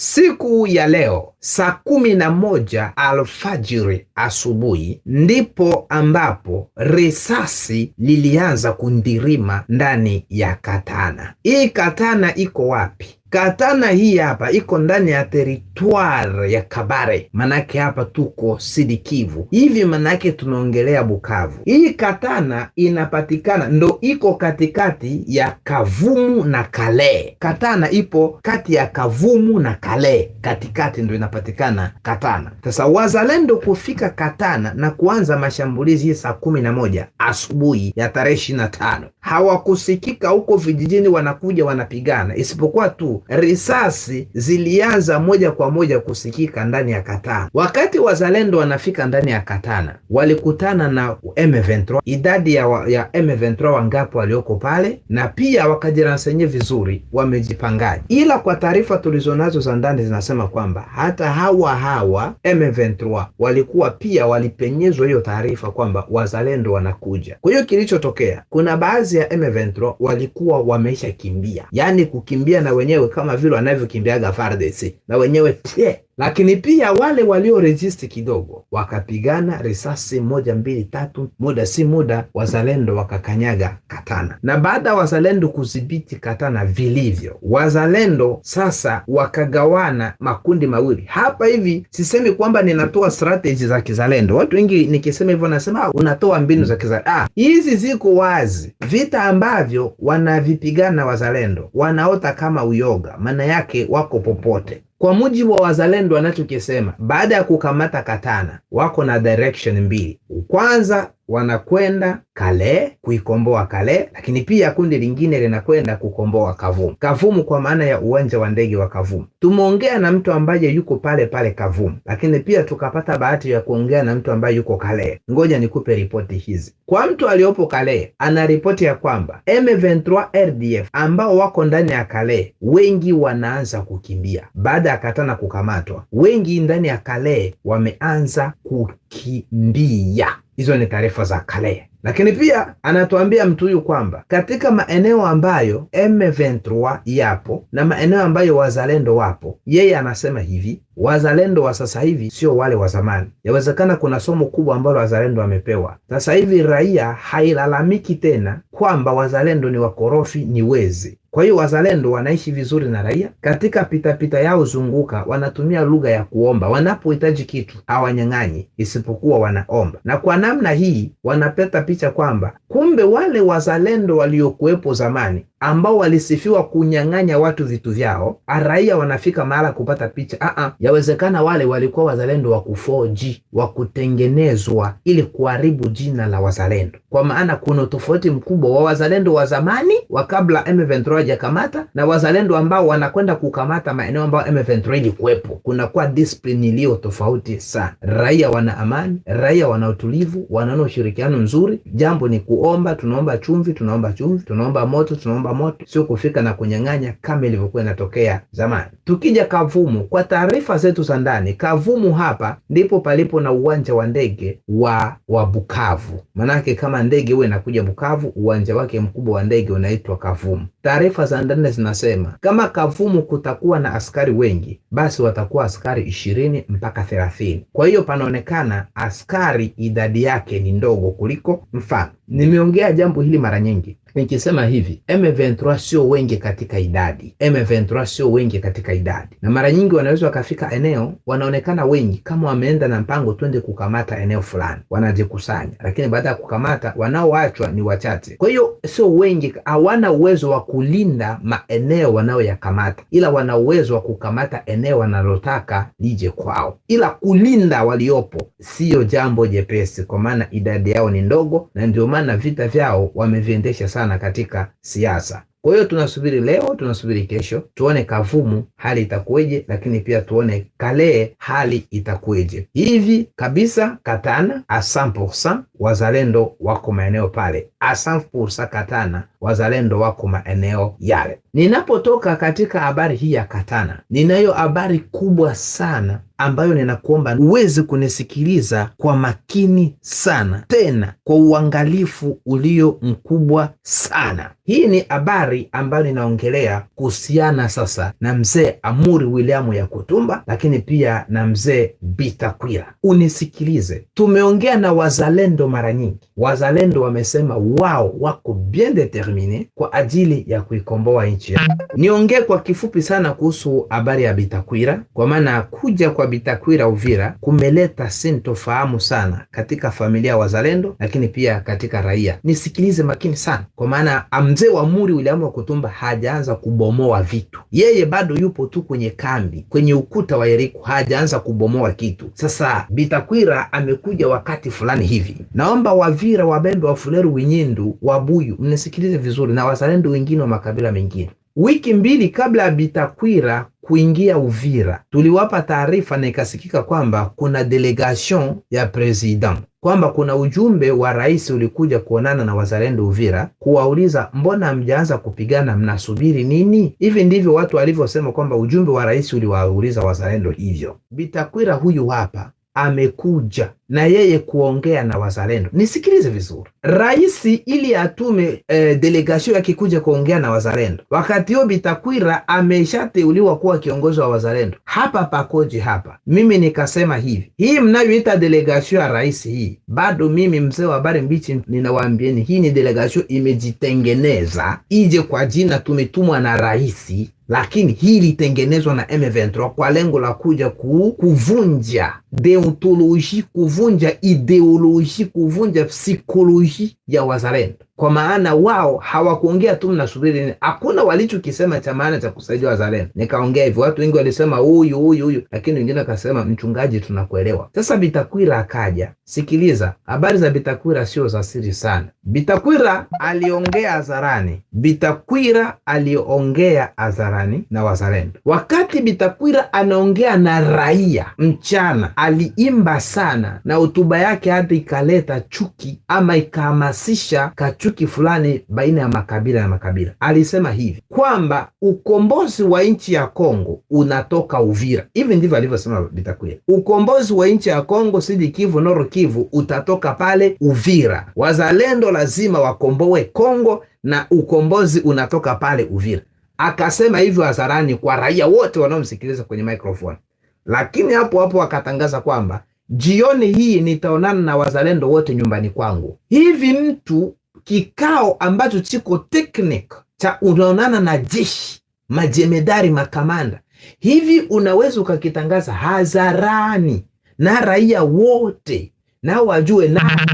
Siku ya leo saa kumi na moja alfajiri asubuhi ndipo ambapo risasi lilianza kundirima ndani ya Katana. Hii Katana iko wapi? Katana hii hapa iko ndani ya teritware ya Kabare, manake hapa tuko Sidikivu hivi, manake tunaongelea Bukavu. Hii Katana inapatikana ndo iko katikati ya Kavumu na Kale. Katana ipo kati ya Kavumu na Kale, katikati ndo inapatikana Katana. Sasa wazalendo kufika Katana na kuanza mashambulizi hii saa kumi na moja asubuhi ya tarehe ishirini na tano hawakusikika huko vijijini, wanakuja wanapigana, isipokuwa tu risasi zilianza moja kwa moja kusikika ndani ya Katana. Wakati wazalendo wanafika ndani ya Katana, walikutana na M23, idadi ya, ya M23 wangapo walioko pale, na pia wakajiransenye vizuri wamejipangaje, ila kwa taarifa tulizonazo za ndani zinasema kwamba hata hawa hawa M23 walikuwa pia walipenyezwa hiyo taarifa kwamba wazalendo wanakuja. Kwa hiyo kilichotokea, kuna baadhi ya M23 walikuwa wameisha kimbia, yaani kukimbia na wenyewe kama vile wanavyokimbiaga FARDC na wenyewe pye lakini pia wale waliorejisti kidogo wakapigana risasi moja mbili tatu, muda si muda wazalendo wakakanyaga Katana, na baada ya wazalendo kudhibiti Katana vilivyo, wazalendo sasa wakagawana makundi mawili. Hapa hivi sisemi kwamba ninatoa strateji za kizalendo. Watu wengi nikisema hivyo nasema ah, unatoa mbinu za kizalendo. Ah, hizi ziko wazi, vita ambavyo wanavipigana wazalendo wanaota kama uyoga, maana yake wako popote kwa mujibu wa wazalendo wanachokisema, baada ya kukamata Katana wako na direction mbili. Kwanza wanakwenda Kale kuikomboa Kale, lakini pia kundi lingine linakwenda kukomboa Kavumu. Kavumu kwa maana ya uwanja wa ndege wa Kavumu. Tumeongea na mtu ambaye yuko pale pale Kavumu, lakini pia tukapata bahati ya kuongea na mtu ambaye yuko Kale. Ngoja nikupe ripoti hizi. Kwa mtu aliyopo Kale, ana ripoti ya kwamba M23 RDF ambao wako ndani ya Kale wengi wanaanza kukimbia baada ya Katana kukamatwa, wengi ndani ya Kale wameanza kukimbia. Hizo ni taarifa za kale, lakini pia anatuambia mtu huyu kwamba katika maeneo ambayo M23 yapo na maeneo ambayo wazalendo wapo, yeye anasema hivi, wazalendo wa sasa hivi sio wale wa zamani. Yawezekana kuna somo kubwa ambalo wazalendo wamepewa sasa hivi. Raia hailalamiki tena kwamba wazalendo ni wakorofi, ni wezi kwa hiyo wazalendo wanaishi vizuri na raia katika pitapita pita yao zunguka, wanatumia lugha ya kuomba. Wanapohitaji kitu hawanyang'anyi, isipokuwa wanaomba, na kwa namna hii wanapeta picha kwamba kumbe wale wazalendo waliokuwepo zamani ambao walisifiwa kunyang'anya watu vitu vyao, raia wanafika mahala kupata picha aa, yawezekana wale walikuwa wazalendo wa kufoji wa kutengenezwa ili kuharibu jina la wazalendo, kwa maana kuna utofauti mkubwa wa wazalendo wa zamani wa kabla M23 hawajakamata na wazalendo ambao wanakwenda kukamata maeneo ambayo M23 kuwepo, kunakuwa discipline iliyo tofauti sana. Raia wana amani, raia wana utulivu, wanaona ushirikiano mzuri. Jambo ni kuomba, tunaomba chumvi, tunaomba chumvi, tunaomba moto, tunaomba moto, sio kufika na kunyang'anya kama ilivyokuwa inatokea zamani. Tukija Kavumu, kwa taarifa zetu za ndani, Kavumu hapa ndipo palipo na uwanja wa ndege wa wa Bukavu, manake kama ndege huwe inakuja Bukavu, uwanja wake mkubwa wa ndege unaitwa Kavumu. taarifa taarifa za ndani zinasema kama Kavumu kutakuwa na askari wengi, basi watakuwa askari ishirini mpaka thelathini. Kwa hiyo panaonekana askari idadi yake ni ndogo kuliko mfano. Nimeongea jambo hili mara nyingi nikisema hivi M23 sio wengi katika idadi, M23 sio wengi katika idadi, na mara nyingi wanaweza wakafika eneo wanaonekana wengi, kama wameenda na mpango twende kukamata eneo fulani, wanajikusanya, lakini baada ya kukamata wanaoachwa ni wachache. Kwa hiyo sio wengi, hawana uwezo wa kulinda maeneo wanayoyakamata, ila wana uwezo wa kukamata eneo wanalotaka lije kwao, ila kulinda waliopo siyo jambo jepesi, kwa maana idadi yao ni ndogo, na ndio maana vita vyao wameviendesha sana katika siasa. Kwa hiyo tunasubiri leo, tunasubiri kesho, tuone Kavumu hali itakuweje, lakini pia tuone Kalee hali itakuweje. Hivi kabisa Katana asampursa wazalendo wako maeneo pale, asampursa Katana wazalendo wako maeneo yale. Ninapotoka katika habari hii ya Katana, ninayo habari kubwa sana ambayo ninakuomba uweze kunisikiliza kwa makini sana, tena kwa uangalifu ulio mkubwa sana. Hii ni habari ambayo ninaongelea kuhusiana sasa na mzee Amuri Williamu kutumba lakini pia na mzee Bitakwira. Unisikilize, tumeongea na wazalendo mara nyingi. Wazalendo wamesema wao wako bien determine kwa ajili ya kuikomboa nchi yao. Niongee kwa kifupi sana kuhusu habari ya Bitakwira, kwa maana kuja kwa Bitakwira Uvira kumeleta sintofahamu sana katika familia ya wazalendo, lakini pia katika raia. Nisikilize makini sana, kwa maana mzee wa Muri William wa Kutumba hajaanza kubomoa vitu, yeye bado yupo tu kwenye kambi, kwenye ukuta wa Yeriko, hajaanza kubomoa kitu. Sasa Bitakwira amekuja wakati fulani hivi. Naomba Wavira, Wabembe, Wafuleru, Winyindu, Wabuyu mnisikilize vizuri, na wazalendo wengine wa makabila mengine Wiki mbili kabla ya Bitakwira kuingia Uvira, tuliwapa taarifa na ikasikika kwamba kuna delegation ya president, kwamba kuna ujumbe wa rais ulikuja kuonana na wazalendo Uvira, kuwauliza mbona mjaanza kupigana, mnasubiri nini? Hivi ndivyo watu walivyosema kwamba ujumbe wa rais uliwauliza wazalendo hivyo. Bitakwira huyu hapa amekuja na yeye kuongea na wazalendo. Nisikilize vizuri, rais ili atume e, delegasio kuja kuongea na wazalendo, wakati huo Bitakwira ameshateuliwa kuwa kiongozi wa wazalendo. Hapa pakoje? Hapa mimi nikasema hivi, hii mnayoita delegasio ya rais hii, bado mimi mzee wa habari mbichi, ninawaambieni hii ni delegasio imejitengeneza ije kwa jina tumetumwa na rais lakini hii ilitengenezwa na M23 kwa lengo la kuja ku, kuvunja deontoloji, kuvunja ideoloji, kuvunja psikoloji ya wazalendo kwa maana wao hawakuongea tu, mnasubiri nini? Hakuna walichokisema cha maana cha kusaidia wazalendo. Nikaongea hivyo, watu wengi walisema huyu huyu huyu, lakini wengine wakasema mchungaji, tunakuelewa. Sasa Bitakwira akaja. Sikiliza, habari za Bitakwira sio za siri sana. Bitakwira aliongea hadharani, Bitakwira aliongea hadharani na wazalendo. Wakati Bitakwira anaongea na raia mchana, aliimba sana na hotuba yake hata ikaleta chuki ama ikahamasisha kachuki chuki fulani baina ya makabila na makabila. Alisema hivi kwamba ukombozi wa nchi ya Kongo unatoka Uvira. Hivi ndivyo alivyosema Bitakwira, ukombozi wa nchi ya Kongo, Sidi Kivu, Noro Kivu utatoka pale Uvira. Wazalendo lazima wakomboe Kongo na ukombozi unatoka pale Uvira. Akasema hivyo hadharani kwa raia wote wanaomsikiliza kwenye microphone, lakini hapo hapo akatangaza kwamba jioni hii nitaonana na wazalendo wote nyumbani kwangu. Hivi mtu kikao ambacho chiko teknik cha unaonana na jeshi, majemedari, makamanda hivi, unaweza ukakitangaza hadharani na raia wote na wajue na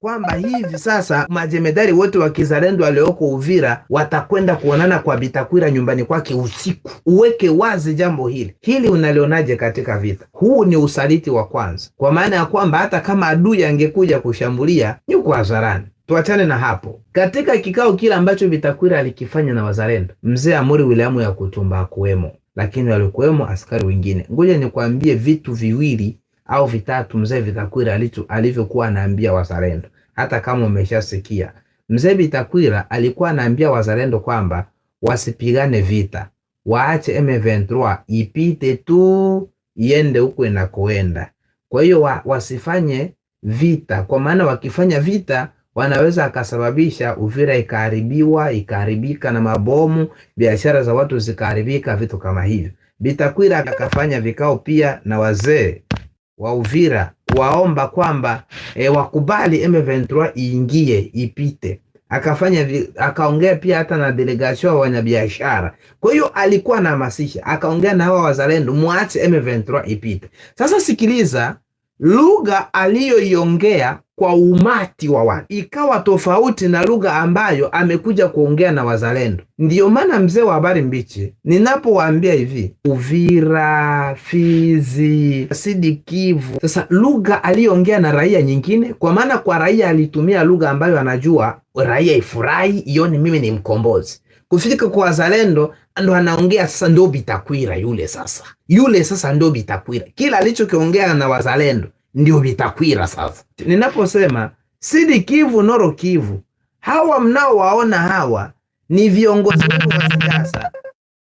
kwamba hivi sasa majemedari wote wa kizalendo walioko Uvira watakwenda kuonana kwa Bitakwira nyumbani kwake usiku. Uweke wazi jambo hili. Hili unalionaje katika vita? Huu ni usaliti wa kwanza, kwa maana ya kwamba hata kama adui angekuja kushambulia, yuko hadharani. Tuachane na hapo. Katika kikao kile ambacho Vitakwira alikifanya na wazalendo, mzee Amuri Williamu ya Kutumba akuwemo, lakini walikuwemo askari wengine. Ngoja nikwambie vitu viwili au vitatu mzee Vitakwira alivyokuwa anaambia wazalendo, hata kama umeshasikia. Mzee Vitakwira alikuwa anaambia wazalendo kwamba wasipigane vita, waache M23 ipite tu iende huko inakoenda. Kwa hiyo wa, wasifanye vita, kwa maana wakifanya vita wanaweza akasababisha Uvira ikaharibiwa ikaharibika na mabomu, biashara za watu zikaharibika, vitu kama hivyo. Bitakwira akafanya vikao pia na wazee wa Uvira kuwaomba kwamba e, wakubali M23 iingie ipite akafanya akaongea pia hata na delegation wa wanabiashara. Kwa hiyo alikuwa anahamasisha, akaongea na hawa wazalendo, muache M23 ipite. Sasa sikiliza lugha aliyoiongea kwa umati wa watu, ikawa tofauti na lugha ambayo amekuja kuongea na wazalendo. Ndiyo maana mzee wa habari mbichi, ninapowaambia hivi Uvira, Fizi, Sidikivu, sasa lugha aliyoongea na raia nyingine, kwa maana kwa raia alitumia lugha ambayo anajua raia ifurahi, ioni mimi ni mkombozi kufika kwa wazalendo ndo anaongea sasa, ndo Bitakwira yule. Sasa yule sasa ndo Bitakwira, kila alichokiongea na wazalendo ndio vitakwira sasa. Ninaposema Sidi Kivu, Noro Kivu, hawa mnaowaona hawa ni viongozi wetu wa siasa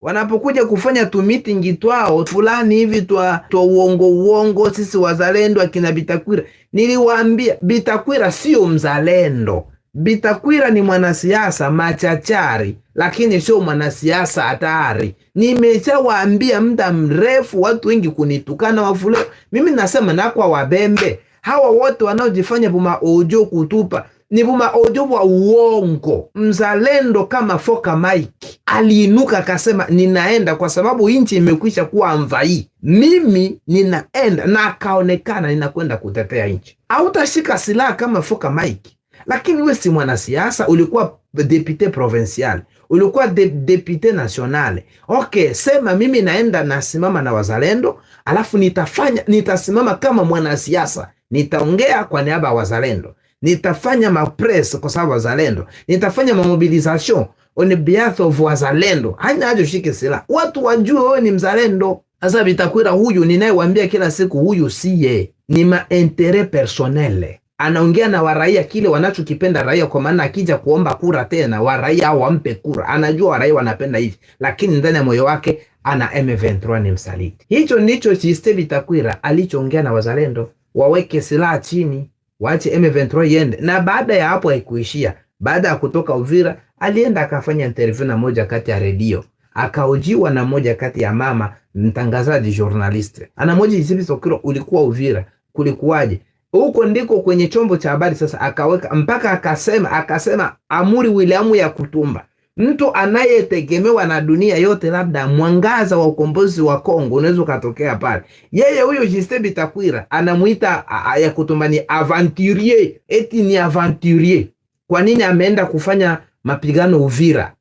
wanapokuja kufanya tumitingi twao fulani hivi twa, twa uongo uongo, sisi wazalendo akina Bitakwira. Niliwaambia Bitakwira sio mzalendo, Bitakwira ni mwanasiasa machachari, lakini sio mwanasiasa hatari. Nimeshawaambia muda mrefu, watu wengi kunitukana wafule. Mimi nasema kwa wabembe hawa wote wanaojifanya ojo kutupa ni ojo wa uongo. Mzalendo kama Foka Mike aliinuka akasema, ninaenda kwa sababu inchi imekwisha kuwa mvai, mimi ninaenda, na akaonekana ninakwenda kutetea inchi. Hautashika silaha kama Foka Mike lakini we si mwanasiasa, ulikuwa depute provincial, ulikuwa de, depute national. Ok, sema mimi naenda nasimama na wazalendo, alafu nitafanya nitasimama kama mwanasiasa, nitaongea kwa niaba ya wazalendo, nitafanya mapres kwa sababu wazalendo, nitafanya mamobilization on behalf of wazalendo. Haina haja shike sila watu wajue wewe ni mzalendo. Sasa vitakwira huyu ninayewambia kila siku, huyu siye, ni maentere personnel anaongea na waraia kile wanachokipenda raia, kwa maana akija kuomba kura tena waraia au wampe kura, anajua waraia wanapenda hivi, lakini ndani ya moyo wake ana M23 ni msaliti. Hicho ndicho Esther Takwira alichoongea na wazalendo, waweke silaha chini, waache M23 iende. Na baada ya hapo haikuishia. Baada ya kutoka Uvira, alienda akafanya interview na moja kati ya redio, akaojiwa na moja kati ya mama mtangazaji journalist, anamoja Esther Takwira, ulikuwa Uvira, kulikuwaje? huko ndiko kwenye chombo cha habari sasa akaweka mpaka akasema akasema amuri Williamu ya Kutumba, mtu anayetegemewa na dunia yote, labda mwangaza wa ukombozi wa Kongo unaweza ukatokea pale. Yeye huyo Justin Bitakwira anamuita ya Kutumba ni aventurier, eti ni aventurier. Kwa nini ameenda kufanya mapigano Uvira?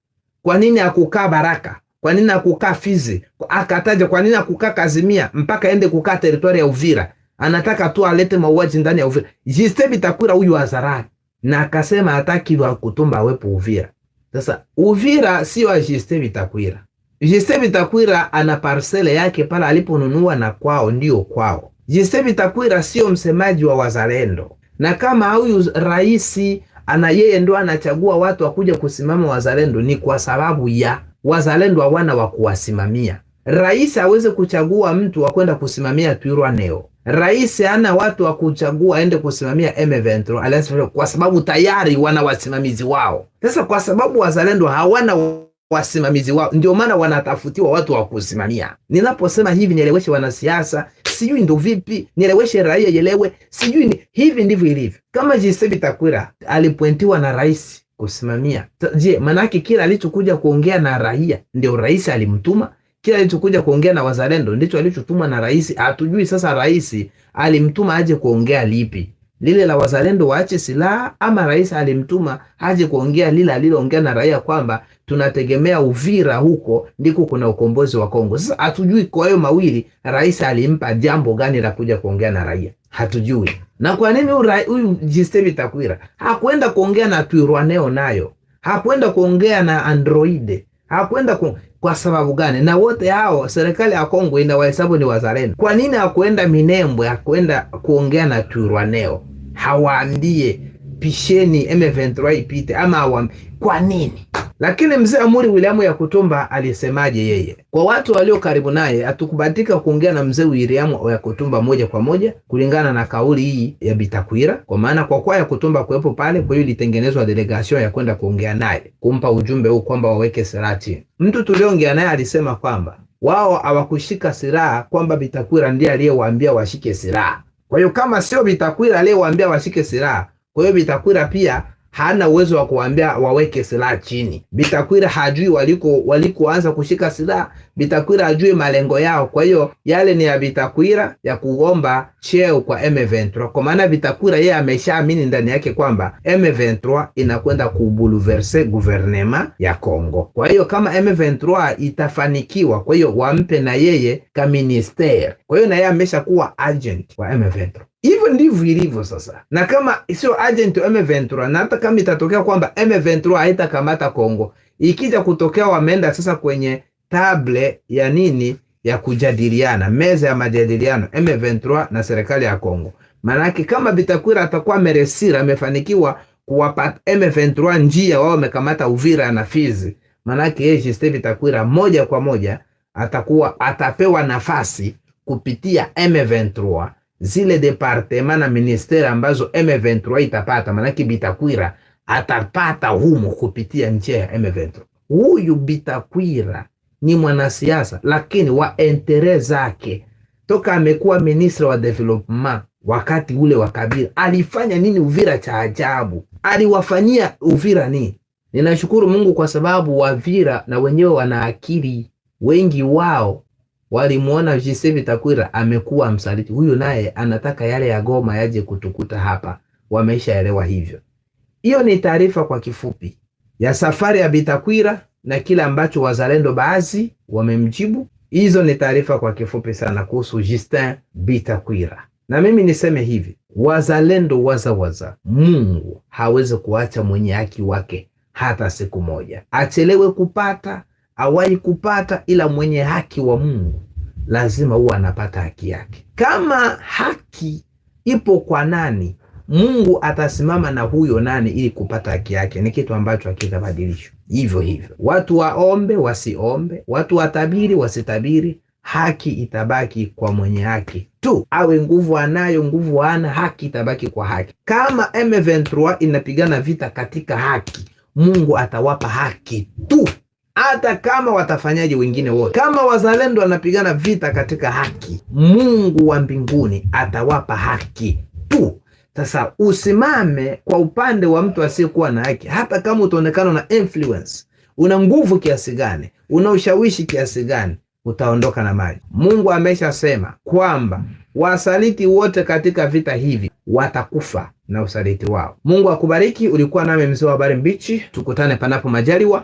Kwa nini akukaa Baraka? Kwa nini akukaa Fizi? Akataja kwa nini akukaa Kazimia mpaka ende kukaa teritwari ya Uvira? anataka tu alete mauaji ndani ya Uvira. Justin Bitakura huyu hadharani na akasema hataki wa kutumba awepo Uvira. Sasa Uvira sio ya Justin Bitakwira. Justin Bitakwira ana parcele yake pale aliponunua na kwao ndio kwao. Justin Bitakwira sio msemaji wa wazalendo. Na kama huyu raisi ana yeye ndo anachagua watu wakuja kusimama wazalendo, ni kwa sababu ya wazalendo hawana wa kuwasimamia. Rais aweze kuchagua mtu wa kwenda kusimamia Twirwaneho. Rais hana watu wa kuchagua aende kusimamia M23 kwa sababu tayari wana wasimamizi wao. Sasa kwa sababu wazalendo hawana wasimamizi wao, ndio maana wanatafutiwa watu wa kusimamia. Ninaposema hivi, nieleweshe wanasiasa, sijui ndo vipi, nieleweshe raia yelewe sijui ni hivi ndivyo ilivyo. Kama j Takwira alipointiwa na rais kusimamia, je, manake kila alichokuja kuongea na raia ndio rais alimtuma kile alichokuja kuongea na wazalendo ndicho alichotumwa na rais. Hatujui sasa rais alimtuma aje kuongea lipi, lile la wazalendo waache silaha, ama rais alimtuma aje kuongea lile aliloongea na raia kwamba tunategemea Uvira huko ndiko kuna ukombozi wa Kongo. Sasa hatujui kwa hayo mawili rais alimpa jambo gani la kuja kuongea na raia, hatujui. Na kwa nini huyu Justin Takwira hakwenda kuongea na Twirwaneho nayo hakwenda kuongea na Androide hakwenda ku... Kwa sababu gani? Na wote hao serikali ya Kongo inawahesabu ni wazalendo. Kwa nini hakuenda Minembwe, hakuenda kuongea na Turwaneo hawaambie pisheni M23 ipite ama awam. Kwa nini? Lakini mzee Amuri Williamu Yakutumba alisemaje yeye? Kwa watu walio karibu naye, hatukubatika kuongea na mzee Williamu Yakutumba moja kwa moja kulingana na kauli hii ya Bitakwira, kwa maana kwa ya Yakutumba kuwepo pale, kwa hiyo ilitengenezwa delegation ya kwenda kuongea naye kumpa ujumbe huu kwamba waweke silaha chini. Mtu tuliongea naye alisema kwamba wao hawakushika silaha, kwamba Bitakwira ndiye aliyewaambia washike silaha. Kwa hiyo kama sio Bitakwira aliyewaambia washike silaha kwa hiyo Bitakwira pia hana uwezo wa kuambia waweke silaha chini. Bitakwira hajui waliko walikoanza kushika silaha. Bitakwira hajui malengo yao. Kwa hiyo yale ni ya Bitakwira ya kuomba cheo kwa M23, kwa maana Bitakwira yeye ameshaamini ndani yake kwamba M23 inakwenda kubuluverse guvernema ya Kongo. Kwa hiyo kama M23 itafanikiwa, kwa hiyo wampe na yeye kaminister. Kwa hiyo na yeye ameshakuwa agent wa M23 hivyo ndivyo ilivyo sasa, na kama sio agent wa M23, na hata kama itatokea kwamba M23 haitakamata Kongo, ikija kutokea wameenda sasa kwenye table ya nini ya kujadiliana, meza ya majadiliano M23 na serikali ya Kongo. Maanake kama Bitakwira atakuwa meresira amefanikiwa kuwapa M23 njia, wao wamekamata Uvira na Fizi, maanake yeye Justin Bitakwira moja kwa moja atakuwa atapewa nafasi kupitia M23 zile departema na ministeri ambazo M23 itapata, manake Bitakwira atapata humo kupitia njia ya M23. Huyu Bitakwira ni mwanasiasa lakini wa entere zake. Toka amekuwa ministre wa development wakati ule wa Kabila alifanya nini Uvira cha ajabu? Aliwafanyia Uvira nini? Ninashukuru Mungu kwa sababu Wavira na wenyewe wana akili, wengi wao walimwona Josefu Takwira amekuwa msaliti, huyu naye anataka yale ya Goma yaje kutukuta hapa. Wameshaelewa hivyo. Hiyo ni taarifa kwa kifupi ya safari ya Bitakwira na kile ambacho wazalendo baadhi wamemjibu. Hizo ni taarifa kwa kifupi sana kuhusu Justin Bitakwira, na mimi niseme hivi, wazalendo wazawaza, Mungu hawezi kuacha mwenye haki wake hata siku moja, achelewe kupata hawahi kupata, ila mwenye haki wa Mungu lazima huwa anapata haki yake. Kama haki ipo kwa nani, Mungu atasimama na huyo nani ili kupata haki yake. Ni kitu ambacho hakitabadilishwa. Hivyo hivyo, watu waombe wasiombe, watu watabiri wasitabiri, haki itabaki kwa mwenye haki tu, awe nguvu anayo nguvu ana, haki itabaki kwa haki. Kama M23 inapigana vita katika haki, Mungu atawapa haki tu hata kama watafanyaje wengine wote. Kama wazalendo wanapigana vita katika haki, Mungu wa mbinguni atawapa haki tu. Sasa usimame kwa upande wa mtu asiyekuwa na haki, hata kama utaonekana na influence, una nguvu kiasi gani, una ushawishi kiasi gani, utaondoka na maji. Mungu ameshasema kwamba wasaliti wote katika vita hivi watakufa na usaliti wao. Mungu akubariki. Ulikuwa nami mzee wa habari mbichi, tukutane panapo majaliwa.